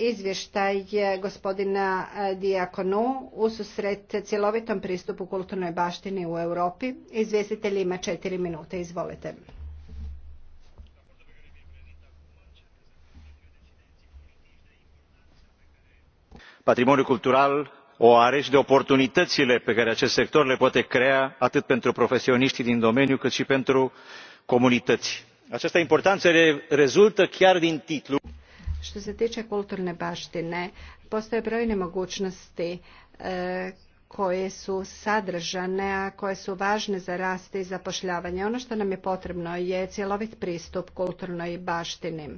izvještaj gospodina e, Diakonu u susret cjelovitom pristupu kulturnoj baštini u Europi. Izvjestitelj ima četiri minute. Izvolite. Patrimoniul cultural o are și de oportunitățile pe care acest sector le poate crea atât pentru profesioniștii din domeniu cât și pentru comunități. Această importanță rezultă chiar din titlu što se tiče kulturne baštine, postoje brojne mogućnosti e, koje su sadržane, a koje su važne za rast i zapošljavanje. Ono što nam je potrebno je cjelovit pristup kulturnoj baštini.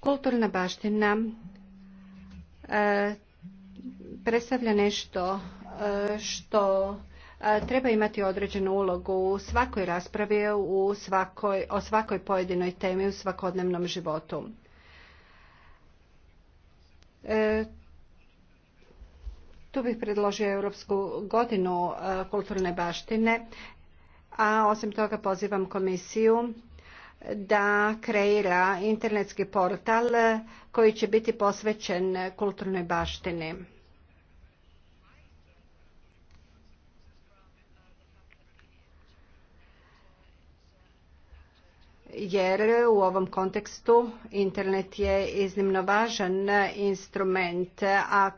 Kulturna baština e, predstavlja nešto e, što treba imati određenu ulogu u svakoj raspravi o svakoj pojedinoj temi u svakodnevnom životu. E, tu bih predložio Europsku godinu e, kulturne baštine, a osim toga pozivam komisiju da kreira internetski portal koji će biti posvećen kulturnoj baštini. jer u ovom kontekstu internet je iznimno važan instrument, a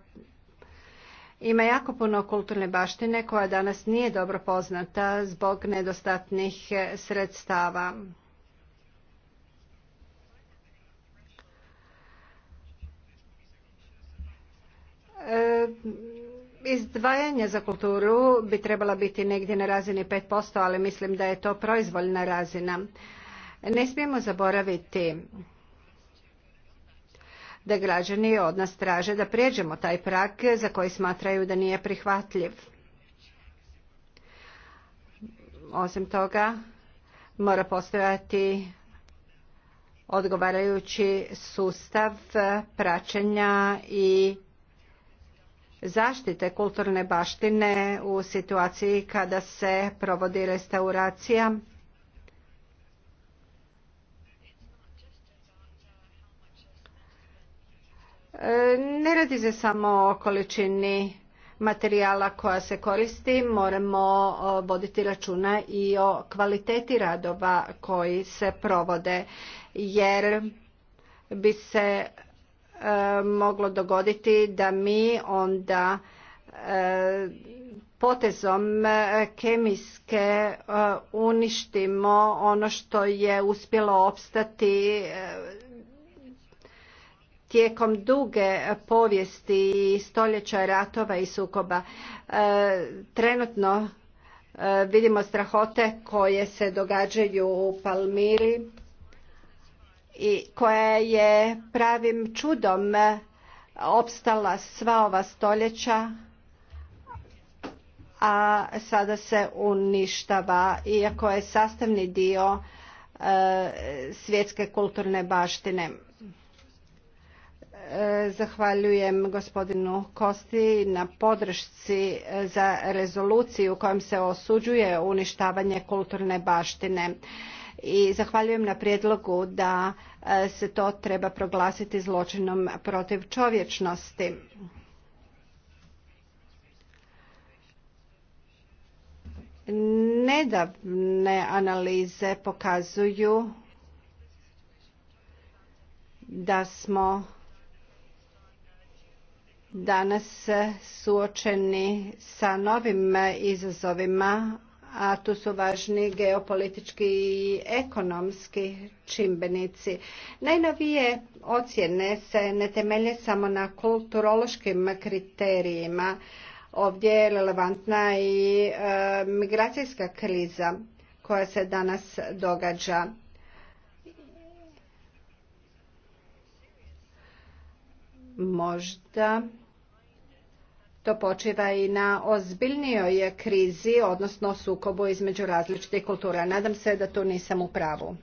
ima jako puno kulturne baštine koja danas nije dobro poznata zbog nedostatnih sredstava. E, izdvajanje za kulturu bi trebala biti negdje na razini 5%, ali mislim da je to proizvoljna razina. Ne smijemo zaboraviti da građani od nas traže da prijeđemo taj prag za koji smatraju da nije prihvatljiv. Osim toga, mora postojati odgovarajući sustav praćenja i zaštite kulturne baštine u situaciji kada se provodi restauracija Ne radi se samo o količini materijala koja se koristi, moramo voditi računa i o kvaliteti radova koji se provode, jer bi se e, moglo dogoditi da mi onda e, potezom e, kemijske uništimo ono što je uspjelo opstati tijekom duge povijesti i stoljeća ratova i sukoba. E, trenutno e, vidimo strahote koje se događaju u Palmiri i koja je pravim čudom opstala sva ova stoljeća a sada se uništava iako je sastavni dio e, svjetske kulturne baštine. E, zahvaljujem gospodinu Kosti na podršci e, za rezoluciju u kojem se osuđuje uništavanje kulturne baštine i zahvaljujem na prijedlogu da e, se to treba proglasiti zločinom protiv čovječnosti. Nedavne analize pokazuju da smo danas suočeni sa novim izazovima, a tu su važni geopolitički i ekonomski čimbenici. Najnovije ocjene se ne temelje samo na kulturološkim kriterijima. Ovdje je relevantna i e, migracijska kriza koja se danas događa. Možda to počiva i na ozbiljnijoj krizi, odnosno sukobu između različitih kultura. Nadam se da tu nisam u pravu.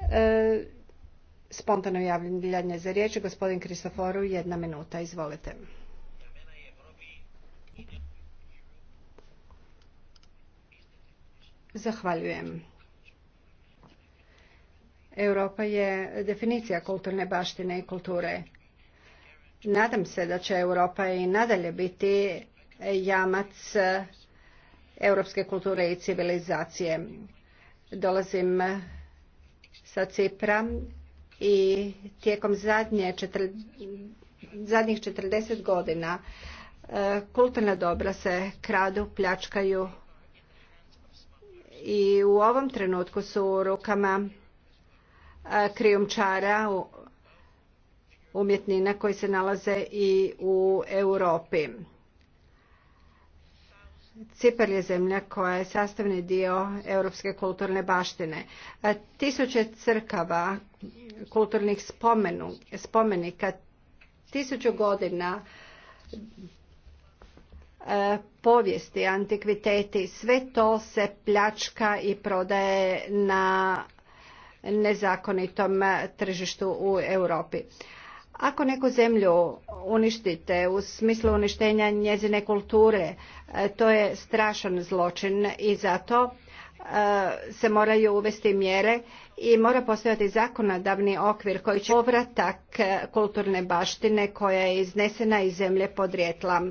Spontano e, spontano javljanje za riječ. Gospodin Kristoforu, jedna minuta. Izvolite. Zahvaljujem. Europa je definicija kulturne baštine i kulture Nadam se da će Europa i nadalje biti jamac europske kulture i civilizacije. Dolazim sa Cipra i tijekom zadnje, zadnjih 40 godina e, kulturna dobra se kradu, pljačkaju i u ovom trenutku su u rukama e, krijumčara umjetnina koji se nalaze i u Europi. Cipar je zemlja koja je sastavni dio europske kulturne baštine. Tisuće crkava, kulturnih spomenika, tisuću godina e, povijesti, antikviteti, sve to se pljačka i prodaje na nezakonitom tržištu u Europi. Ako neku zemlju uništite u smislu uništenja njezine kulture, e, to je strašan zločin i zato e, se moraju uvesti mjere i mora postojati zakonodavni okvir koji će povratak e, kulturne baštine koja je iznesena iz zemlje podrijetla.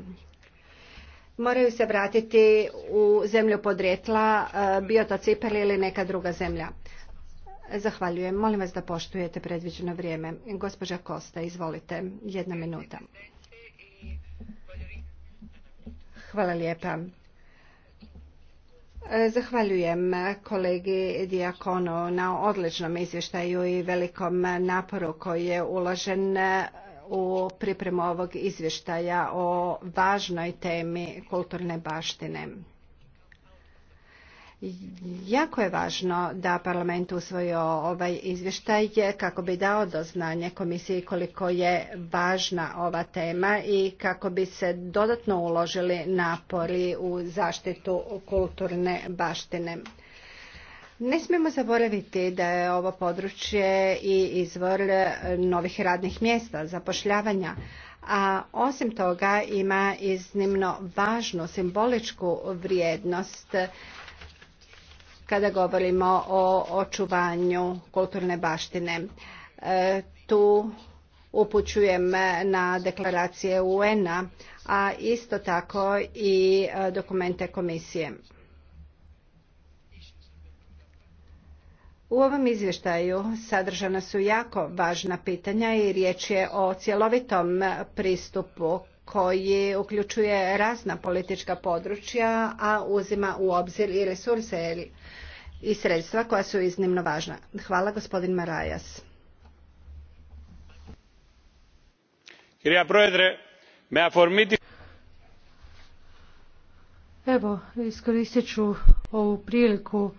Moraju se vratiti u zemlju podrijetla, bio to Cipar ili neka druga zemlja. Zahvaljujem. Molim vas da poštujete predviđeno vrijeme. Gospođa Kosta, izvolite. Jedna minuta. Hvala lijepa. Zahvaljujem kolegi Diakonu na odličnom izvještaju i velikom naporu koji je uložen u pripremu ovog izvještaja o važnoj temi kulturne baštine. Jako je važno da parlament usvojio ovaj izvještaj kako bi dao do znanja komisiji koliko je važna ova tema i kako bi se dodatno uložili napori u zaštitu kulturne baštine. Ne smijemo zaboraviti da je ovo područje i izvor novih radnih mjesta, zapošljavanja, a osim toga ima iznimno važnu simboličku vrijednost kada govorimo o očuvanju kulturne baštine. E, tu upućujem na deklaracije UN-a, a isto tako i e, dokumente komisije. U ovom izvještaju sadržana su jako važna pitanja i riječ je o cjelovitom pristupu koji uključuje razna politička područja, a uzima u obzir i resurse i sredstva koja su iznimno važna. Hvala gospodin Marajas. Evo, iskoristit ću ovu priliku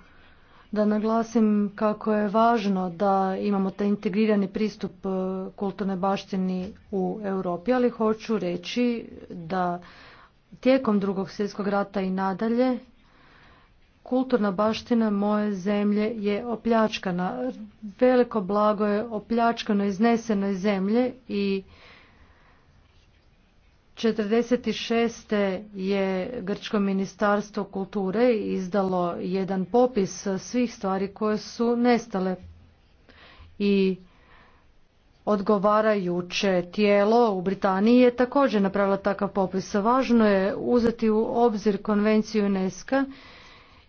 da naglasim kako je važno da imamo taj integrirani pristup e, kulturnoj baštini u Europi, ali hoću reći da tijekom drugog svjetskog rata i nadalje kulturna baština moje zemlje je opljačkana. Veliko blago je opljačkano, izneseno iz zemlje i 46. je Grčko ministarstvo kulture izdalo jedan popis svih stvari koje su nestale i odgovarajuće tijelo u Britaniji je također napravilo takav popis. Važno je uzeti u obzir konvenciju UNESCO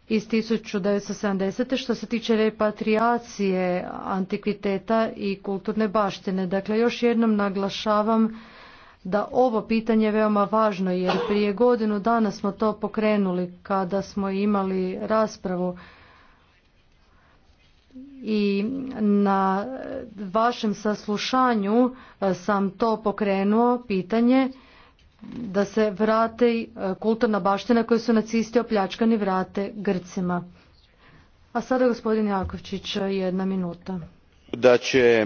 iz 1970. što se tiče repatriacije antikviteta i kulturne baštine. Dakle, još jednom naglašavam da ovo pitanje je veoma važno jer prije godinu dana smo to pokrenuli kada smo imali raspravu i na vašem saslušanju e, sam to pokrenuo pitanje da se vrate e, kulturna baština koju su nacisti opljačkani vrate Grcima. A sada gospodin Jakovčić e, jedna minuta. Da će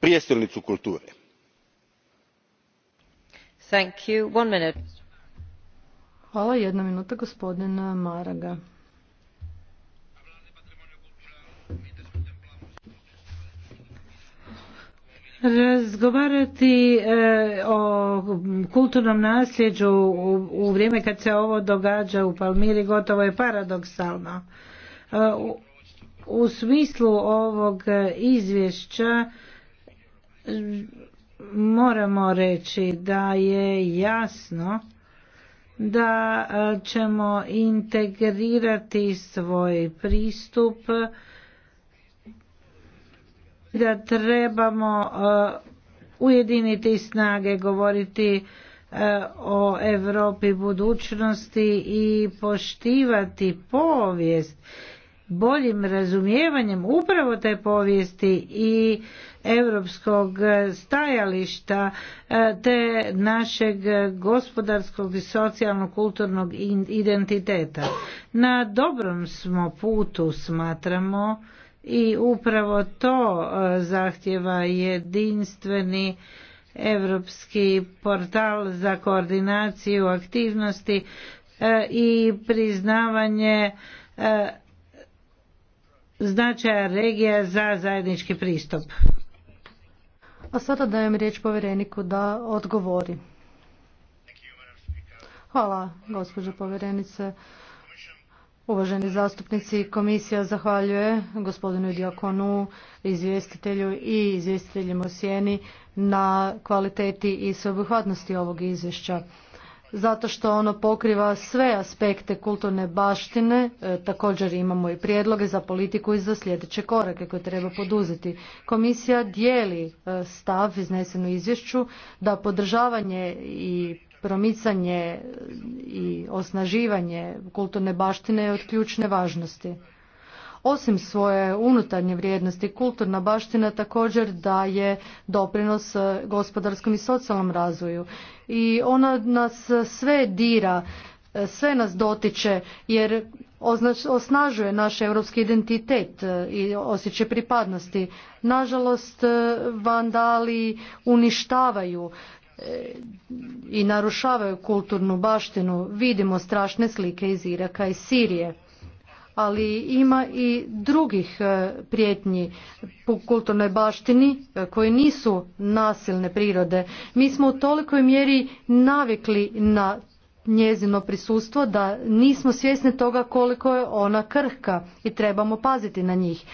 prijestolnicu kulture. Hvala, jedna minuta gospodina Maraga. Razgovarati e, o kulturnom nasljeđu u vrijeme kad se ovo događa u Palmiri gotovo je paradoksalno. E, u smislu ovog izvješća moramo reći da je jasno da e, ćemo integrirati svoj pristup da trebamo e, ujediniti snage govoriti e, o Europi budućnosti i poštivati povijest boljim razumijevanjem upravo te povijesti i europskog stajališta e, te našeg gospodarskog i socijalno-kulturnog identiteta. Na dobrom smo putu smatramo i upravo to e, zahtjeva jedinstveni europski portal za koordinaciju aktivnosti e, i priznavanje značaja regija za zajednički pristup. A sada dajem riječ povjereniku da odgovori. Hvala, gospođo povjerenice. Uvaženi zastupnici, komisija zahvaljuje gospodinu Diakonu, izvjestitelju i izvjestiteljima u sjeni na kvaliteti i sveobuhvatnosti ovog izvješća zato što ono pokriva sve aspekte kulturne baštine. E, također imamo i prijedloge za politiku i za sljedeće korake koje treba poduzeti. Komisija dijeli e, stav iznesen u izvješću da podržavanje i promicanje i osnaživanje kulturne baštine je od ključne važnosti. Osim svoje unutarnje vrijednosti, kulturna baština također daje doprinos e, gospodarskom i socijalnom razvoju. I ona nas sve dira, e, sve nas dotiče jer osnažuje naš europski identitet e, i osjećaj pripadnosti. Nažalost, vandali uništavaju i narušavaju kulturnu baštinu. Vidimo strašne slike iz Iraka i Sirije ali ima i drugih e, prijetnji po kulturnoj baštini e, koje nisu nasilne prirode. Mi smo u tolikoj mjeri navikli na njezino prisustvo da nismo svjesni toga koliko je ona krhka i trebamo paziti na njih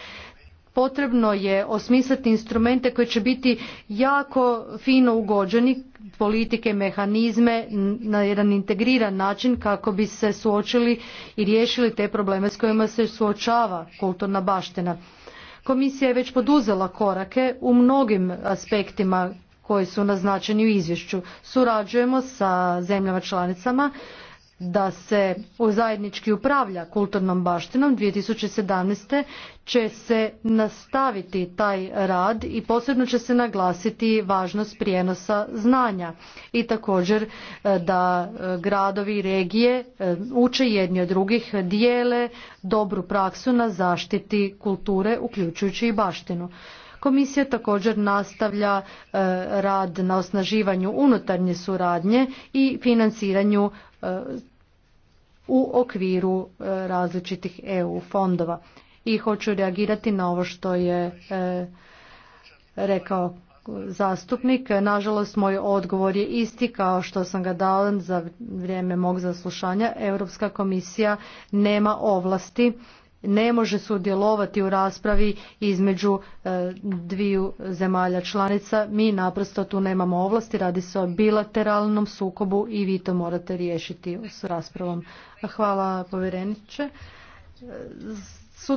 potrebno je osmisliti instrumente koji će biti jako fino ugođeni politike, mehanizme na jedan integriran način kako bi se suočili i riješili te probleme s kojima se suočava kulturna baština. Komisija je već poduzela korake u mnogim aspektima koji su naznačeni u izvješću. Surađujemo sa zemljama članicama da se zajednički upravlja kulturnom baštinom 2017. će se nastaviti taj rad i posebno će se naglasiti važnost prijenosa znanja i također e, da e, gradovi i regije e, uče jedni od drugih dijele dobru praksu na zaštiti kulture uključujući i baštinu. Komisija također nastavlja e, rad na osnaživanju unutarnje suradnje i financiranju e, u okviru e, različitih EU fondova. I hoću reagirati na ovo što je rekao zastupnik. Nažalost, moj odgovor je isti kao što sam ga dala za vrijeme mog zaslušanja. Europska komisija nema ovlasti ne može sudjelovati u raspravi između e, dviju zemalja članica. Mi naprosto tu nemamo ovlasti, radi se o bilateralnom sukobu i vi to morate riješiti s raspravom. Hvala povjereniče.